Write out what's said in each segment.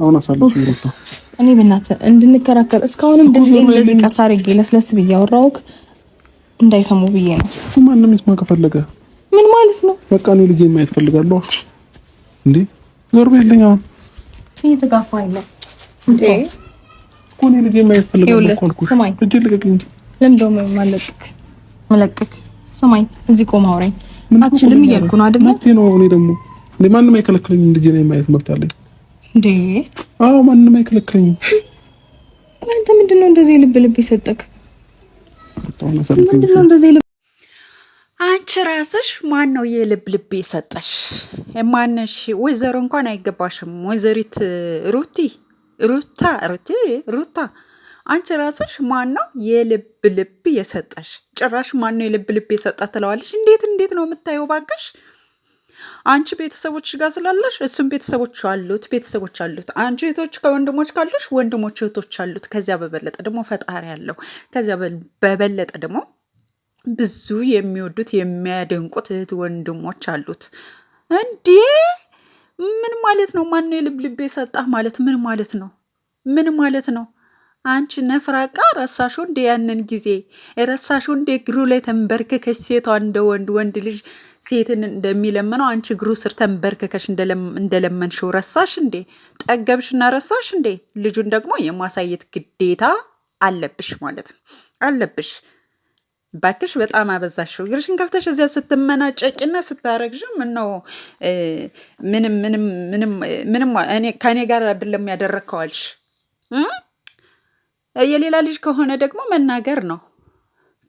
አሁን አሳልፍ ይልታ እኔ ብናተ እንድንከራከር እስካሁንም ድምጼ እንደዚህ ቀስ አድርጌ ለስለስ ብዬ አወራሁክ እንዳይሰሙ ብዬ ነው። ማንም ይስማ ከፈለገ ምን ማለት ነው? በቃ እኔ ልጄ ማየት ፈልጋለሁ። እንዴ ዞር በልኝ። አሁን እየተጋፋኝ ነው እንዴ? ኮኔ ልጄ ማየት ፈልጋለሁ እኮ አልኩህ። ስማኝ፣ እጄ ልቀቅኝ። ለምን ደሞ ማለቅክ መለቅክ? ስማኝ፣ እዚህ ቆም አውራኝ። አችልም እያልኩ ነው አይደል? መብቴ ነው። እኔ ደግሞ ማንም አይከለክለኝም። ልጄ ነው የማየት መብት አለኝ። እንዴ? አዎ፣ ማንም አይከለክለኝም። አንተ ምንድን ነው እንደዚህ ልብ ልብ ይሰጠክ? ምንድን ነው እንደዚህ ልብ አንቺ ራስሽ ማን ነው የልብ ልብ የሰጠሽ? ማነሽ? ወይዘሮ እንኳን አይገባሽም። ወይዘሪት ሩቲ ሩታ ሩቲ ሩታ አንቺ ራስሽ ማን ነው የልብ ልብ የሰጠሽ? ጭራሽ ማን ነው የልብ ልብ የሰጣ ትለዋለሽ? እንዴት እንዴት ነው የምታየው? ባክሽ አንቺ ቤተሰቦች ጋር ስላለሽ እሱም ቤተሰቦች አሉት፣ ቤተሰቦች አሉት። አንቺ እህቶች ከወንድሞች ካሉሽ ወንድሞች እህቶች አሉት። ከዚያ በበለጠ ደግሞ ፈጣሪ አለው። ከዚያ በበለጠ ደግሞ ብዙ የሚወዱት የሚያደንቁት እህት ወንድሞች አሉት። እንዴ ምን ማለት ነው? ማነው የልብ ልብ የሰጣህ ማለት ምን ማለት ነው? ምን ማለት ነው? አንቺ ነፍራቃ ረሳሹ እንደ ያንን ጊዜ ረሳሹ እንደ እግሩ ላይ ተንበርክከሽ ሴቷ እንደ ወንድ ወንድ ልጅ ሴትን እንደሚለምነው አንቺ እግሩ ስር ተንበርክከሽ እንደለመንሽው ረሳሽ እንዴ? ጠገብሽና ረሳሽ እንዴ? ልጁን ደግሞ የማሳየት ግዴታ አለብሽ ማለት ነው አለብሽ። ባክሽ በጣም አበዛሽው። እግርሽን ከፍተሽ እዚያ ስትመናጨቂና ስታረግሽ ምን ነው ምንም ምንም ምንም እኔ ከእኔ ጋር አይደለም ያደረግከዋልሽ የሌላ ልጅ ከሆነ ደግሞ መናገር ነው።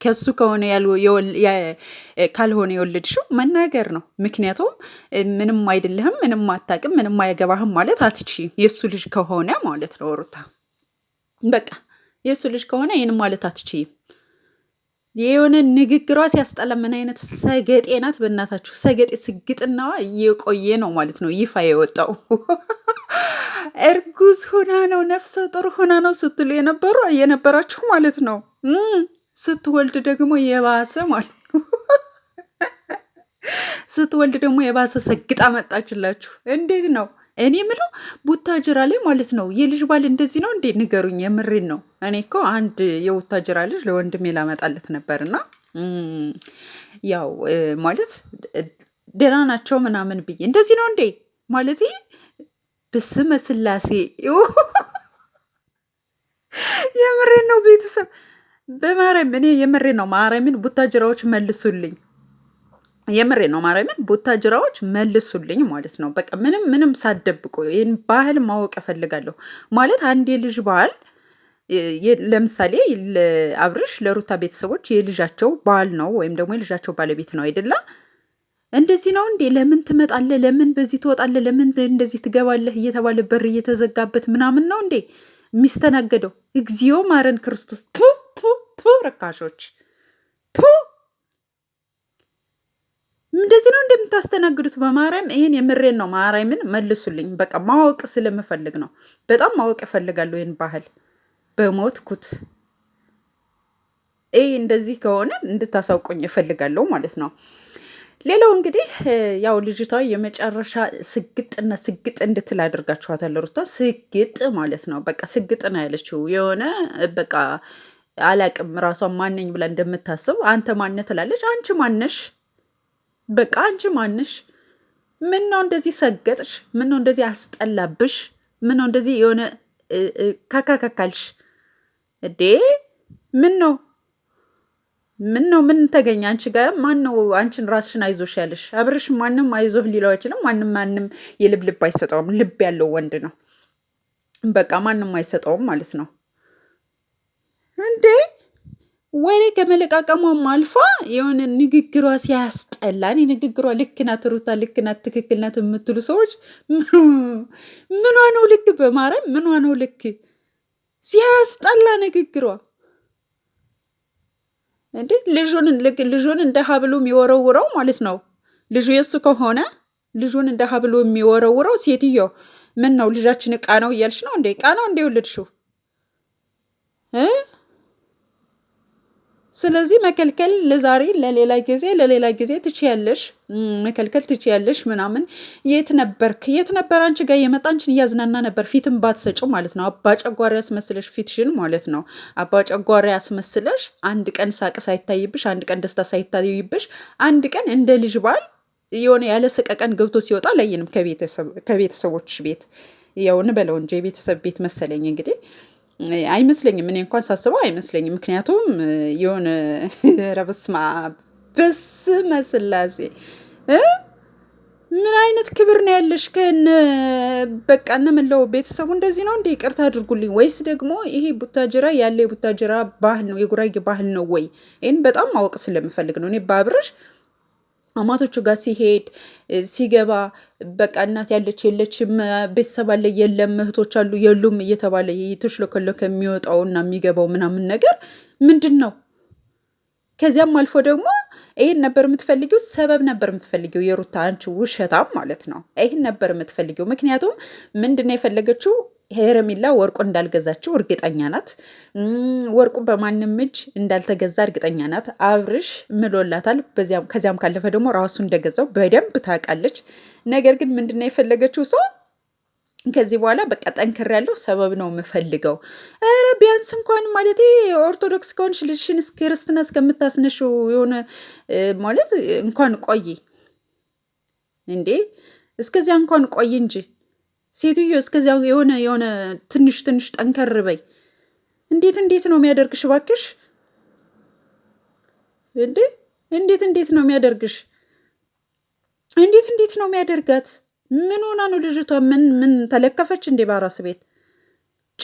ከሱ ከሆነ ካልሆነ የወለድሽው መናገር ነው። ምክንያቱም ምንም አይደለህም፣ ምንም አታውቅም፣ ምንም አይገባህም ማለት አትችይም። የእሱ ልጅ ከሆነ ማለት ነው ሩታ በቃ የእሱ ልጅ ከሆነ ይህን ማለት አትችይም። የሆነ ንግግሯ ሲያስጠላ ምን አይነት ሰገጤ ናት በእናታችሁ! ሰገጤ ስግጥናዋ እየቆየ ነው ማለት ነው ይፋ የወጣው እርጉዝ ሆና ነው ነፍሰ ጡር ሆና ነው ስትሉ የነበሩ የነበራችሁ ማለት ነው። ስትወልድ ደግሞ የባሰ ማለት ነው። ስትወልድ ደግሞ የባሰ ሰግጣ መጣችላችሁ። እንዴት ነው እኔ ምለው ቡታጅራ ላይ ማለት ነው የልጅ ባል እንደዚህ ነው እንዴ? ንገሩኝ። የምሬን ነው። እኔ እኮ አንድ የቡታጅራ ልጅ ለወንድሜ ላመጣለት ነበርና ያው ማለት ደህና ናቸው ምናምን ብዬ እንደዚህ ነው እንዴ ማለት ብስመ ስላሴ የምሬን ነው ቤተሰብ በማርያም እኔ የምሬን ነው። ማርያምን ቡታጅራዎች መልሱልኝ። የምሬ ነው ማርያምን ቦታጅራዎች መልሱልኝ ማለት ነው። በቃ ምንም ምንም ሳደብቁ ይህን ባህል ማወቅ እፈልጋለሁ ማለት አንድ የልጅ ባህል ለምሳሌ አብርሽ ለሩታ ቤተሰቦች የልጃቸው ባል ነው ወይም ደግሞ የልጃቸው ባለቤት ነው አይደላ? እንደዚህ ነው እንዴ? ለምን ትመጣለህ? ለምን በዚህ ትወጣለህ? ለምን እንደዚህ ትገባለህ? እየተባለ በር እየተዘጋበት ምናምን ነው እንዴ የሚስተናገደው? እግዚኦ ማረን ክርስቶስ ቱ ቱ ቱ ረካሾች ቱ እንደዚህ ነው እንደምታስተናግዱት? በማርያም ይሄን የምሬን ነው። ማርያምን መልሱልኝ። በቃ ማወቅ ስለምፈልግ ነው። በጣም ማወቅ እፈልጋለሁ ይህን ባህል በሞትኩት ይ እንደዚህ ከሆነ እንድታሳውቁኝ እፈልጋለሁ ማለት ነው። ሌላው እንግዲህ ያው ልጅቷ የመጨረሻ ስግጥና ስግጥ እንድትል አድርጋችኋታል። ሩታ ስግጥ ማለት ነው። በቃ ስግጥ ነው ያለችው የሆነ በቃ አላቅም ራሷን ማነኝ ብላ እንደምታስብ አንተ ማነ ትላለች። አንቺ ማነሽ በቃ አንቺ ማንሽ? ምን ነው እንደዚህ ሰገጥሽ? ምን ነው እንደዚህ አስጠላብሽ? ምን ነው እንደዚህ የሆነ ካካካካልሽ? እዴ ምን ነው ምን ነው ምን ተገኘ አንቺ ጋር? ማን ነው አንቺን ራስሽን አይዞሽ ያለሽ? አብርሽ ማንም አይዞህ ሊለው አይችልም። ማንም ማንም የልብ ልብ አይሰጠውም። ልብ ያለው ወንድ ነው። በቃ ማንም አይሰጠውም ማለት ነው እንዴ ወሬ ከመለቃቀሟም አልፋ የሆነ ንግግሯ ሲያስጠላ። እኔ ንግግሯ ልክ ናት ሩታ፣ ልክ ናት፣ ትክክል ናት የምትሉ ሰዎች ምኗ ነው ልክ? በማርያም ምኗ ነው ልክ? ሲያስጠላ ንግግሯ እንዴ! ልጁን እንደ ሀብሉ የሚወረውረው ማለት ነው። ልጁ የእሱ ከሆነ ልጁን እንደ ሀብሉ የሚወረውረው ሴትዮ፣ ምን ነው ልጃችን ዕቃ ነው እያልሽ ነው እንዴ? ዕቃ ነው እንዴ የወለድሽው? ስለዚህ መከልከል ለዛሬ ለሌላ ጊዜ ለሌላ ጊዜ ትችያለሽ፣ መከልከል ትችያለሽ ምናምን። የት ነበርክ የት ነበር አንቺ ጋር የመጣ አንቺን እያዝናና ነበር። ፊትን ባትሰጪው ማለት ነው። አባጨጓሪ ያስመስለሽ ፊትሽን ማለት ነው። አባጨጓሪ ያስመስለሽ አንድ ቀን ሳቅ ሳይታይብሽ፣ አንድ ቀን ደስታ ሳይታይብሽ፣ አንድ ቀን እንደ ልጅ ባል የሆነ ያለ ሰቀቀን ገብቶ ሲወጣ ለይንም ከቤተሰቦች ቤት ያው እንበለው እንጂ የቤተሰብ ቤት መሰለኝ እንግዲህ አይመስለኝም። እኔ እንኳን ሳስበው አይመስለኝም። ምክንያቱም የሆነ ረበስማ በስመ መስላሴ ምን አይነት ክብር ነው ያለሽ? ከነ በቃ እነምለው ቤተሰቡ እንደዚህ ነው እንዴ? ይቅርታ አድርጉልኝ። ወይስ ደግሞ ይሄ ቡታጅራ ያለ የቡታጅራ ባህል ነው የጉራጌ ባህል ነው ወይ? ይህን በጣም ማወቅ ስለምፈልግ ነው እኔ ባብረሽ አማቶቹ ጋር ሲሄድ ሲገባ በቃ እናት ያለች የለችም፣ ቤተሰብ አለ የለም፣ እህቶች አሉ የሉም እየተባለ ተሽሎከሎከ የሚወጣው እና የሚገባው ምናምን ነገር ምንድን ነው? ከዚያም አልፎ ደግሞ ይህን ነበር የምትፈልጊው፣ ሰበብ ነበር የምትፈልጊው፣ የሩታ አንቺ ውሸታም ማለት ነው። ይህን ነበር የምትፈልጊው። ምክንያቱም ምንድን ነው የፈለገችው ሄረሚላ ወርቁን እንዳልገዛችው እርግጠኛ ናት። ወርቁ በማንም እጅ እንዳልተገዛ እርግጠኛ ናት። አብርሽ ምሎላታል። ከዚያም ካለፈ ደግሞ ራሱ እንደገዛው በደንብ ታውቃለች። ነገር ግን ምንድን ነው የፈለገችው ሰው ከዚህ በኋላ በቃ ጠንክር ያለው ሰበብ ነው የምፈልገው። ኧረ ቢያንስ እንኳን ማለት ኦርቶዶክስ ከሆንሽ ልጅሽን ክርስትና እስከምታስነሽው የሆነ ማለት እንኳን ቆይ እንዴ እስከዚያ እንኳን ቆይ እንጂ ሴትዮ እስከዚያው የሆነ የሆነ ትንሽ ትንሽ ጠንከር በይ። እንዴት እንዴት ነው የሚያደርግሽ? እባክሽ እንዴ! እንዴት እንዴት ነው የሚያደርግሽ? እንዴት እንዴት ነው የሚያደርጋት? ምን ሆና ነው ልጅቷ? ምን ምን ተለከፈች እንዴ? በአራስ ቤት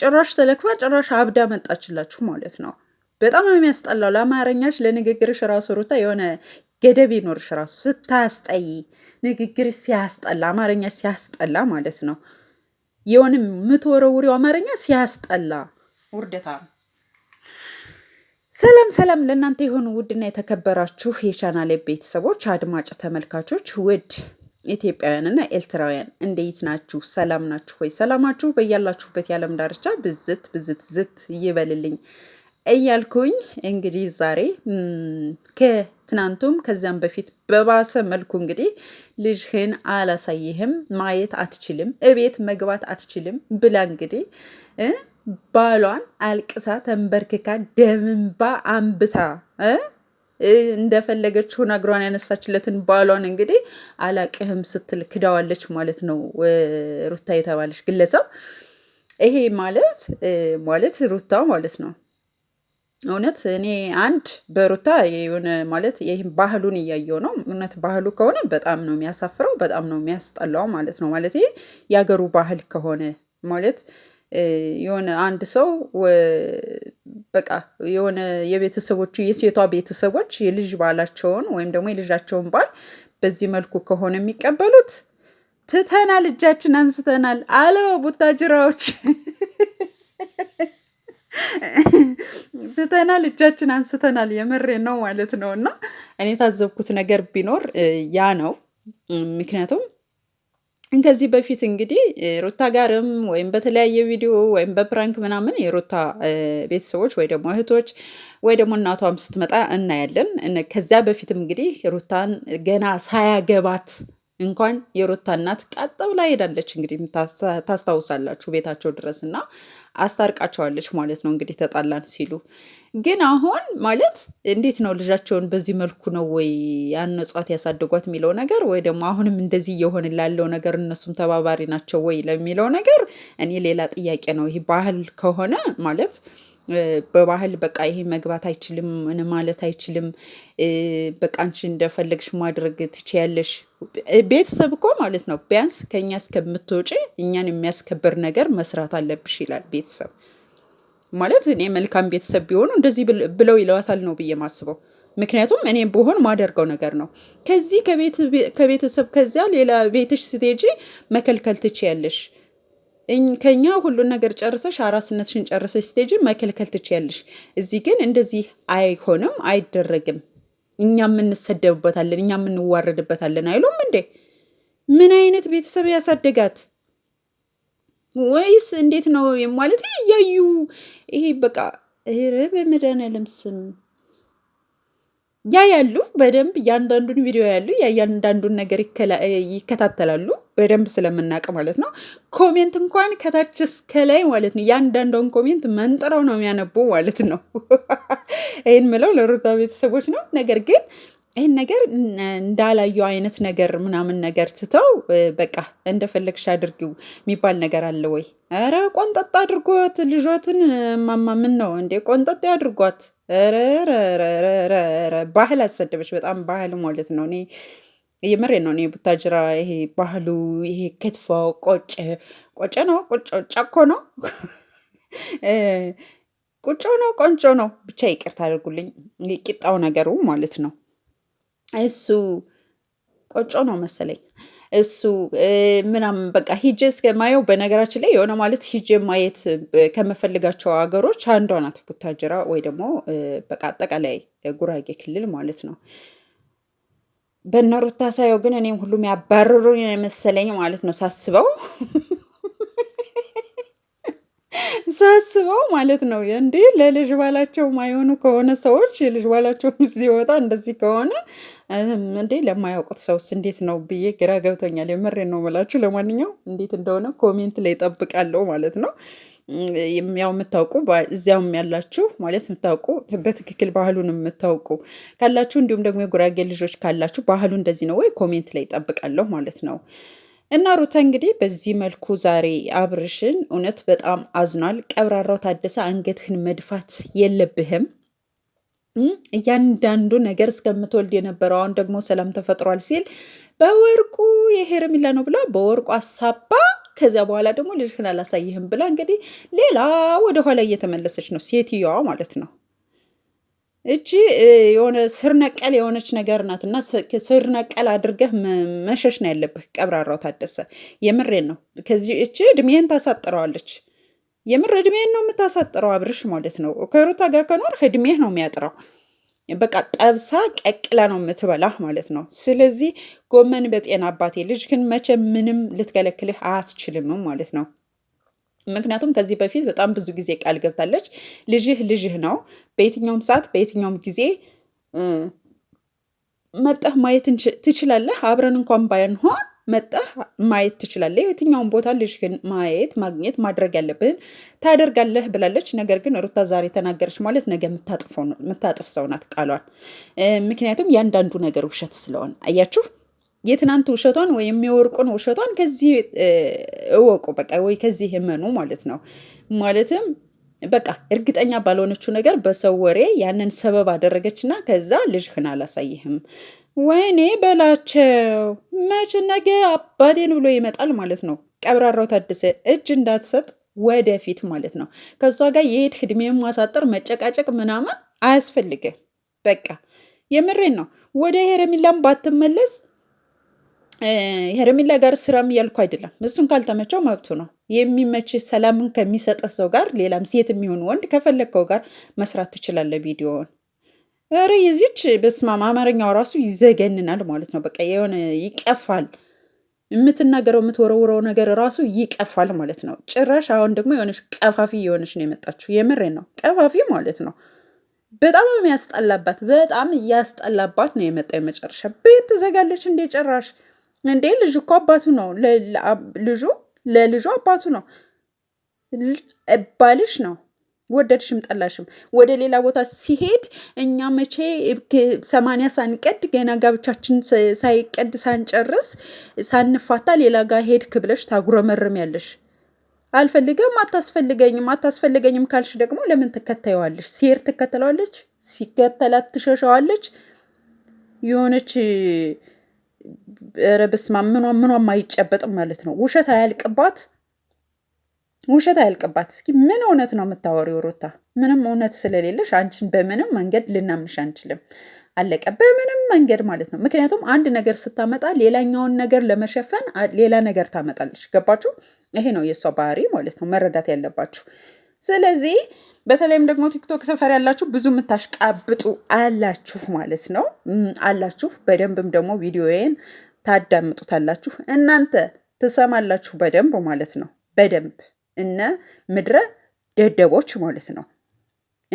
ጭራሽ ተለክፋ ጭራሽ አብዳ መጣችላችሁ ማለት ነው። በጣም ነው የሚያስጠላው። ለአማርኛሽ ለንግግርሽ ራሱ ሩታ የሆነ ገደብ ይኖርሽ ራሱ ስታስጠይ ንግግር ሲያስጠላ አማርኛ ሲያስጠላ ማለት ነው። የሆነ የምትወረውሪው አማርኛ ሲያስጠላ ውርደታ ሰላም ሰላም ለእናንተ የሆኑ ውድና የተከበራችሁ የቻናሌ ቤተሰቦች አድማጭ ተመልካቾች ውድ ኢትዮጵያውያንና ኤርትራውያን እንዴት ናችሁ? ሰላም ናችሁ ወይ? ሰላማችሁ በያላችሁበት የዓለም ዳርቻ ብዝት ብዝት ዝት ይበልልኝ። እያልኩኝ እንግዲህ ዛሬ ከትናንቱም ከዚያም በፊት በባሰ መልኩ እንግዲህ ልጅህን አላሳይህም፣ ማየት አትችልም፣ እቤት መግባት አትችልም ብላ እንግዲህ ባሏን አልቅሳ ተንበርክካ ደምንባ አንብታ እንደፈለገችው እግሯን ያነሳችለትን ባሏን እንግዲህ አላቅህም ስትል ክዳዋለች ማለት ነው። ሩታ የተባለች ግለሰብ ይሄ ማለት ማለት ሩታ ማለት ነው። እውነት እኔ አንድ በሩታ የሆነ ማለት ይህም ባህሉን እያየው ነው። እውነት ባህሉ ከሆነ በጣም ነው የሚያሳፍረው፣ በጣም ነው የሚያስጠላው ማለት ነው። ማለት ይሄ የሀገሩ ባህል ከሆነ ማለት የሆነ አንድ ሰው በቃ የሆነ የቤተሰቦቹ የሴቷ ቤተሰቦች የልጅ ባላቸውን ወይም ደግሞ የልጃቸውን ባል በዚህ መልኩ ከሆነ የሚቀበሉት ትተናል፣ እጃችን አንስተናል አለው ቡታጅራዎች። ትተናል፣ እጃችን አንስተናል። የምሬ ነው ማለት ነው። እና እኔ ታዘብኩት ነገር ቢኖር ያ ነው። ምክንያቱም ከዚህ በፊት እንግዲህ ሩታ ጋርም ወይም በተለያየ ቪዲዮ ወይም በፕራንክ ምናምን የሩታ ቤተሰቦች ወይ ደግሞ እህቶች ወይ ደግሞ እናቷም ስትመጣ እናያለን። ከዚያ በፊትም እንግዲህ ሩታን ገና ሳያገባት እንኳን የሩታ እናት ቀጥ ብላ ሄዳለች። እንግዲህ ታስታውሳላችሁ ቤታቸው ድረስ እና አስታርቃቸዋለች ማለት ነው። እንግዲህ ተጣላን ሲሉ ግን አሁን ማለት እንዴት ነው ልጃቸውን በዚህ መልኩ ነው ወይ ያነጿት ያሳደጓት የሚለው ነገር ወይ ደግሞ አሁንም እንደዚህ እየሆን ላለው ነገር እነሱም ተባባሪ ናቸው ወይ ለሚለው ነገር እኔ ሌላ ጥያቄ ነው። ይህ ባህል ከሆነ ማለት በባህል በቃ ይሄ መግባት አይችልም ማለት አይችልም፣ በቃ አንቺ እንደፈለግሽ ማድረግ ትችያለሽ። ቤተሰብ እኮ ማለት ነው ቢያንስ ከኛ እስከምትወጪ እኛን የሚያስከብር ነገር መስራት አለብሽ ይላል ቤተሰብ ማለት። እኔ መልካም ቤተሰብ ቢሆኑ እንደዚህ ብለው ይለዋታል ነው ብዬ ማስበው። ምክንያቱም እኔ ብሆን ማደርገው ነገር ነው። ከዚህ ከቤተሰብ ከዚያ ሌላ ቤትሽ ስትሄጂ መከልከል ትችያለሽ ከኛ ሁሉን ነገር ጨርሰሽ አራስነትሽን ጨርሰሽ ስቴጅን መከልከል ትችያለሽ። እዚህ ግን እንደዚህ አይሆንም፣ አይደረግም። እኛ የምንሰደብበታለን፣ እኛ የምንዋረድበታለን አይሉም እንዴ? ምን አይነት ቤተሰብ ያሳደጋት ወይስ እንዴት ነው ማለት እያዩ ይሄ በቃ ኧረ በመድኃኒዓለም ስም ያ ያሉ በደንብ እያንዳንዱን ቪዲዮ ያሉ እያንዳንዱን ነገር ይከታተላሉ በደንብ ስለምናቅ ማለት ነው። ኮሜንት እንኳን ከታች እስከ ላይ ማለት ነው እያንዳንዷን ኮሜንት መንጥረው ነው የሚያነቡ ማለት ነው። ይህን ምለው ለሩታ ቤተሰቦች ነው። ነገር ግን ይህን ነገር እንዳላዩ አይነት ነገር ምናምን ነገር ትተው በቃ እንደፈለግሽ አድርጊው የሚባል ነገር አለ ወይ? ኧረ ቆንጠጥ አድርጎት ልጆትን ማማምን ነው እንዴ? ቆንጠጥ አድርጓት ባህል አሰደበች። በጣም ባህል ማለት ነው። እኔ የምሬ ነው። እኔ ቡታጅራ ይሄ ባህሉ ይሄ ክትፎ ቆጭ ቆጭ ነው ቆጮ ጨኮ ነው ቁጮ ነው ቆንጮ ነው። ብቻ ይቅርታ አድርጉልኝ። ቂጣው ነገሩ ማለት ነው። እሱ ቆጮ ነው መሰለኝ። እሱ ምናምን በቃ ሂጄ እስከማየው በነገራችን ላይ የሆነ ማለት ሂጄ ማየት ከምፈልጋቸው ሀገሮች አንዷ ናት ቡታጅራ ወይ ደግሞ በቃ አጠቃላይ ጉራጌ ክልል ማለት ነው። በእነ ሳየው ግን እኔም ሁሉም ያባረሩኝ መሰለኝ ማለት ነው ሳስበው ሳስበው ማለት ነው እንዴ ለልጅ ባላቸው ማይሆኑ ከሆነ ሰዎች የልጅ ባላቸው ሲወጣ እንደዚህ ከሆነ እንዴ ለማያውቁት ሰውስ እንዴት ነው ብዬ ግራ ገብቶኛል። የምሬ ነው የምላችሁ። ለማንኛው እንዴት እንደሆነ ኮሜንት ላይ ጠብቃለሁ ማለት ነው። ያው የምታውቁ እዚያውም ያላችሁ ማለት የምታውቁ በትክክል ባህሉን የምታውቁ ካላችሁ እንዲሁም ደግሞ የጉራጌ ልጆች ካላችሁ ባህሉ እንደዚህ ነው ወይ ኮሜንት ላይ ጠብቃለሁ ማለት ነው። እና ሩታ እንግዲህ በዚህ መልኩ ዛሬ አብርሽን እውነት በጣም አዝኗል። ቀብራራው ታደሰ አንገትህን መድፋት የለብህም እያንዳንዱ ነገር እስከምትወልድ የነበረው አሁን ደግሞ ሰላም ተፈጥሯል ሲል በወርቁ የሄርሚላ ነው ብላ በወርቁ አሳባ ከዚያ በኋላ ደግሞ ልጅህን አላሳይህም ብላ እንግዲህ ሌላ ወደኋላ እየተመለሰች ነው ሴትየዋ ማለት ነው። እቺ የሆነ ስር ነቀል የሆነች ነገር ናት እና ስር ነቀል አድርገህ መሸሽ ነው ያለብህ። ቀብራራው ታደሰ የምሬን ነው። ከዚህ እቺ እድሜን ታሳጥረዋለች። የምር እድሜን ነው የምታሳጥረው፣ አብርሽ ማለት ነው። ከሩታ ጋር ከኖር እድሜህ ነው የሚያጥረው። በቃ ጠብሳ ቀቅላ ነው የምትበላህ ማለት ነው። ስለዚህ ጎመን በጤና አባቴ ልጅ ግን መቼ ምንም ልትከለክልህ አትችልም ማለት ነው። ምክንያቱም ከዚህ በፊት በጣም ብዙ ጊዜ ቃል ገብታለች። ልጅህ ልጅህ ነው። በየትኛውም ሰዓት በየትኛውም ጊዜ መጠህ ማየት ትችላለህ። አብረን እንኳን ባንሆን መጠህ ማየት ትችላለህ። የትኛውም ቦታ ልጅህን ማየት ማግኘት ማድረግ ያለብህን ታደርጋለህ ብላለች። ነገር ግን ሩታ ዛሬ ተናገረች ማለት ነገ የምታጥፍ ሰው ናት ቃሏን። ምክንያቱም ያንዳንዱ ነገር ውሸት ስለሆነ አያችሁ። የትናንት ውሸቷን ወይ የሚወርቁን ውሸቷን ከዚህ እወቁ በቃ ወይ ከዚህ እመኑ ማለት ነው። ማለትም በቃ እርግጠኛ ባልሆነችው ነገር በሰው ወሬ ያንን ሰበብ አደረገችና ከዛ ልጅህን አላሳይህም ወይኔ በላቸው መች ነገ አባቴን ብሎ ይመጣል ማለት ነው። ቀብራራው ታደሰ እጅ እንዳትሰጥ ወደፊት ማለት ነው። ከእሷ ጋር የሄድ ዕድሜን ማሳጠር መጨቃጨቅ ምናምን አያስፈልግም። በቃ የምሬን ነው። ወደ ሄረሚላም ባትመለስ ሄርሚላ ጋር ስራም እያልኩ አይደለም። እሱን ካልተመቸው መብቱ ነው። የሚመች ሰላምን ከሚሰጠ ሰው ጋር ሌላም ሴት የሚሆን ወንድ ከፈለግከው ጋር መስራት ትችላለህ ቪዲዮውን። ኧረ የዚች በስማም አማርኛው ራሱ ይዘገንናል ማለት ነው። በቃ የሆነ ይቀፋል። የምትናገረው የምትወረውረው ነገር ራሱ ይቀፋል ማለት ነው። ጭራሽ አሁን ደግሞ የሆነች ቀፋፊ የሆነች ነው የመጣችው። የምሬ ነው፣ ቀፋፊ ማለት ነው። በጣም የሚያስጠላባት በጣም እያስጠላባት ነው የመጣ የመጨረሻ ቤት ትዘጋለች እንደ ጭራሽ እንዴ ልጅ እኮ አባቱ ነው። ልጁ ለልጁ አባቱ ነው፣ ባልሽ ነው። ወደድሽም ጠላሽም ወደ ሌላ ቦታ ሲሄድ እኛ መቼ ሰማንያ ሳንቀድ ገና ጋብቻችን ሳይቀድ ሳንጨርስ ሳንፋታ ሌላ ጋር ሄድክ ብለሽ ታጉረመርም ያለሽ አልፈልገም፣ አታስፈልገኝም። አታስፈልገኝም ካልሽ ደግሞ ለምን ትከታየዋለሽ? ሲሄድ ትከተለዋለች፣ ሲከተላት ትሸሸዋለች። የሆነች ኧረ በስመ አብ ምኗም ምኗም አይጨበጥም ማለት ነው። ውሸት አያልቅባት ውሸት አያልቅባት። እስኪ ምን እውነት ነው የምታወሪው ሩታ? ምንም እውነት ስለሌለሽ አንቺን በምንም መንገድ ልናምንሽ አንችልም። አለቀ። በምንም መንገድ ማለት ነው። ምክንያቱም አንድ ነገር ስታመጣ ሌላኛውን ነገር ለመሸፈን ሌላ ነገር ታመጣለች። ገባችሁ? ይሄ ነው የእሷ ባህሪ ማለት ነው፣ መረዳት ያለባችሁ። ስለዚህ በተለይም ደግሞ ቲክቶክ ሰፈር ያላችሁ ብዙ የምታሽቃብጡ አላችሁ ማለት ነው አላችሁ። በደንብም ደግሞ ቪዲዮዬን ታዳምጡታላችሁ እናንተ ትሰማላችሁ በደንብ ማለት ነው። በደንብ እነ ምድረ ደደቦች ማለት ነው።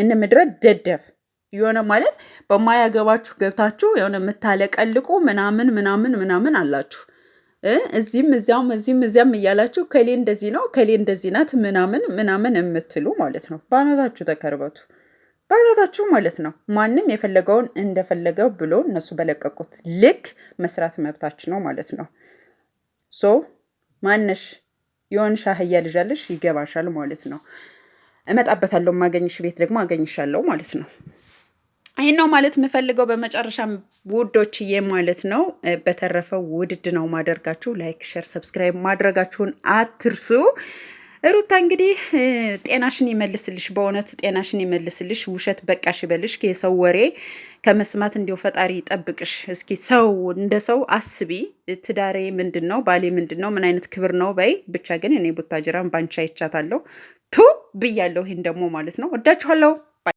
እነ ምድረ ደደብ የሆነ ማለት በማያገባችሁ ገብታችሁ የሆነ የምታለቀልቁ ምናምን ምናምን ምናምን አላችሁ። እዚህም እዚያም እዚህም እዚያም እያላችሁ ከሌ እንደዚህ ነው ከሌ እንደዚህ ናት ምናምን ምናምን የምትሉ ማለት ነው። በአናታችሁ ተከርበቱ፣ በአናታችሁ ማለት ነው። ማንም የፈለገውን እንደፈለገው ብሎ እነሱ በለቀቁት ልክ መስራት መብታች ነው ማለት ነው። ሶ ማነሽ የሆንሽ አህያ ልጅ ይገባሻል ማለት ነው። እመጣበታለሁ ማገኝሽ ቤት ደግሞ አገኝሻለሁ ማለት ነው። ይህን ነው ማለት የምፈልገው በመጨረሻ ውዶችዬ ማለት ነው። በተረፈው ውድድ ነው ማደርጋችሁ። ላይክ፣ ሸር፣ ሰብስክራይብ ማድረጋችሁን አትርሱ። ሩታ እንግዲህ ጤናሽን ይመልስልሽ፣ በእውነት ጤናሽን ይመልስልሽ። ውሸት በቃሽ ይበልሽ። የሰው ወሬ ከመስማት እንዲሁ ፈጣሪ ይጠብቅሽ። እስኪ ሰው እንደ ሰው አስቢ። ትዳሬ ምንድን ነው? ባሌ ምንድን ነው? ምን አይነት ክብር ነው በይ። ብቻ ግን እኔ ቡታጅራን ባንቻ ይቻታለሁ። ቱ ብያለሁ። ይህን ደግሞ ማለት ነው ወዳችኋለሁ።